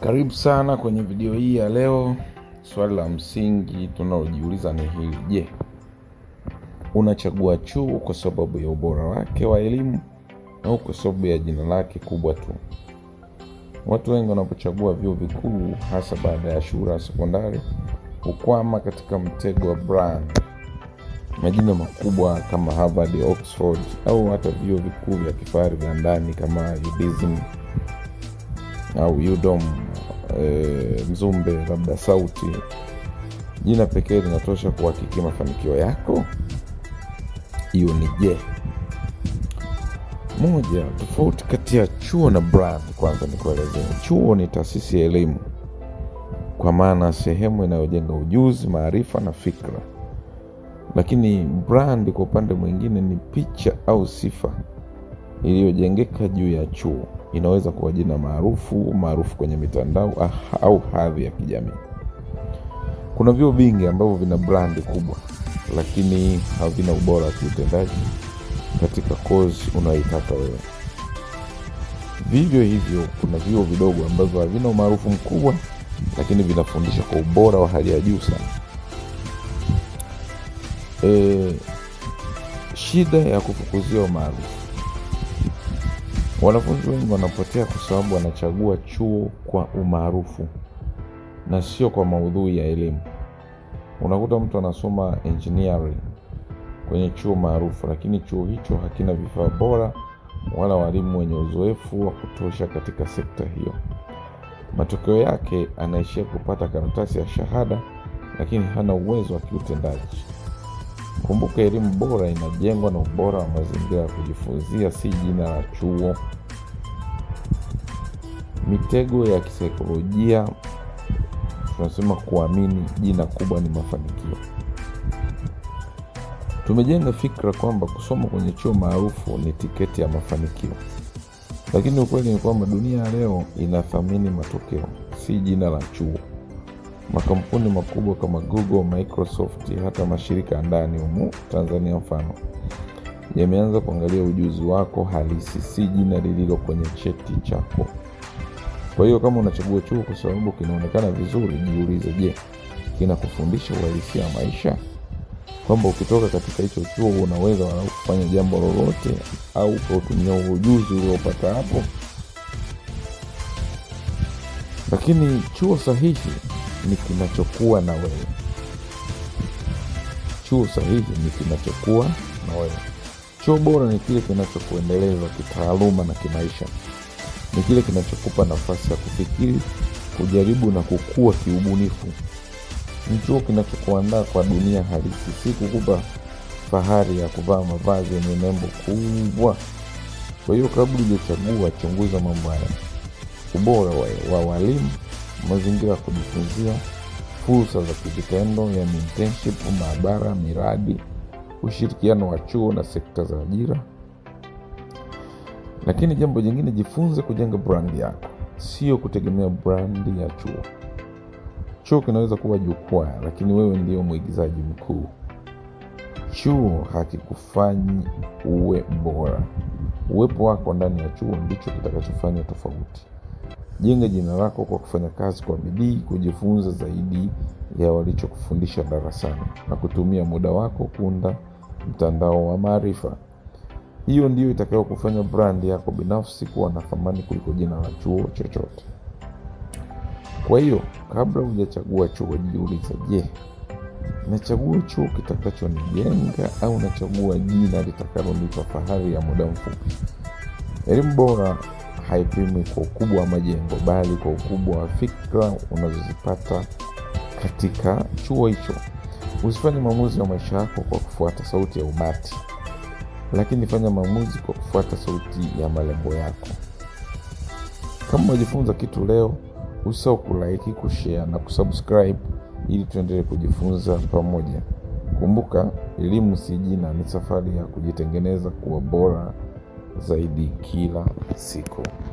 Karibu sana kwenye video hii ya leo. Swali la msingi tunalojiuliza ni hili: je, unachagua chuo kwa sababu ya ubora wake wa elimu au kwa sababu ya jina lake kubwa tu? Watu wengi wanapochagua vyuo vikuu, hasa baada ya shule ya sekondari, hukwama katika mtego wa brand, majina makubwa kama Harvard, Oxford au hata vyuo vikuu vya kifahari vya ndani kama UDSM au UDOM e, eh, Mzumbe labda Sauti. Jina pekee linatosha kuhakikia mafanikio yako. Hiyo ni je. Moja, tofauti kati ya chuo na brand. Kwanza nikuelezea, chuo ni taasisi ya elimu, kwa maana sehemu inayojenga ujuzi, maarifa na fikra, lakini brand kwa upande mwingine ni picha au sifa iliyojengeka juu ya chuo inaweza kuwa jina maarufu maarufu kwenye mitandao ah, au hadhi ya kijamii. Kuna vyuo vingi ambavyo vina brandi kubwa, lakini havina ubora wa kiutendaji katika kozi unayoitaka wewe. Vivyo hivyo, kuna vyuo vidogo ambavyo havina umaarufu mkubwa, lakini vinafundisha kwa ubora wa hali ya juu sana. E, shida ya kufukuzia umaarufu Wanafunzi wengi wanapotea kwa sababu wanachagua chuo kwa umaarufu na sio kwa maudhui ya elimu. Unakuta mtu anasoma engineering kwenye chuo maarufu, lakini chuo hicho hakina vifaa bora wala walimu wenye uzoefu wa kutosha katika sekta hiyo. Matokeo yake anaishia kupata karatasi ya shahada, lakini hana uwezo wa kiutendaji. Kumbuka, elimu bora inajengwa na ubora wa mazingira ya kujifunzia, si jina la chuo. Mitego ya kisaikolojia tunasema kuamini jina kubwa ni mafanikio. Tumejenga fikra kwamba kusoma kwenye chuo maarufu ni tiketi ya mafanikio, lakini ukweli ni kwamba dunia ya leo inathamini matokeo, si jina la chuo makampuni makubwa kama Google, Microsoft, hata mashirika ndani humu Tanzania mfano yameanza kuangalia ujuzi wako halisi, si jina lililo kwenye cheti chako. Kwa hiyo kama unachagua chuo kwa sababu kinaonekana vizuri, jiulize, je, kinakufundisha uhalisia wa maisha, kwamba ukitoka katika hicho chuo unaweza walau kufanya jambo lolote, au ukautumia ujuzi uliopata hapo. Lakini chuo sahihi ni kinachokuwa na wewe. Chuo sahihi ni kinachokuwa na wewe. Chuo bora ni kile kinachokuendeleza kitaaluma na kimaisha, ni kile kinachokupa nafasi ya kufikiri, kujaribu na kukua kiubunifu. Ni chuo kinachokuandaa kwa dunia halisi, si kukupa fahari ya kuvaa mavazi yenye nembo kubwa. Kwa hiyo kabla hujachagua, chunguza mambo haya: ubora wa walimu mazingira ya kujifunzia, fursa za kivitendo yani internship, maabara, miradi, ushirikiano wa chuo na sekta za ajira. Lakini jambo jingine, jifunze kujenga brandi yako, sio kutegemea brandi ya chuo. Chuo kinaweza kuwa jukwaa, lakini wewe ndio mwigizaji mkuu. Chuo hakikufanyi uwe bora. Uwepo wako ndani ya chuo ndicho kitakachofanya tofauti. Jenga jina lako kwa kufanya kazi kwa bidii, kujifunza zaidi ya walichokufundisha darasani na kutumia muda wako kuunda mtandao wa maarifa. Hiyo ndiyo itakayokufanya brand yako binafsi kuwa na thamani kuliko jina la chuo chochote. Kwa hiyo, kabla hujachagua chuo, jiulize, je, nachagua chuo kitakachonijenga au nachagua jina litakalonipa fahari ya muda mfupi? Elimu bora haipimwi kwa ukubwa wa majengo bali kwa ukubwa wa fikra unazozipata katika chuo hicho. Usifanye maamuzi ya maisha yako kwa kufuata sauti ya umati, lakini fanya maamuzi kwa kufuata sauti ya malengo yako. Kama umejifunza kitu leo, usisahau kulaiki, kushea na kusubscribe ili tuendelee kujifunza pamoja. Kumbuka, elimu si jina, ni safari ya kujitengeneza kuwa bora zaidi kila siku.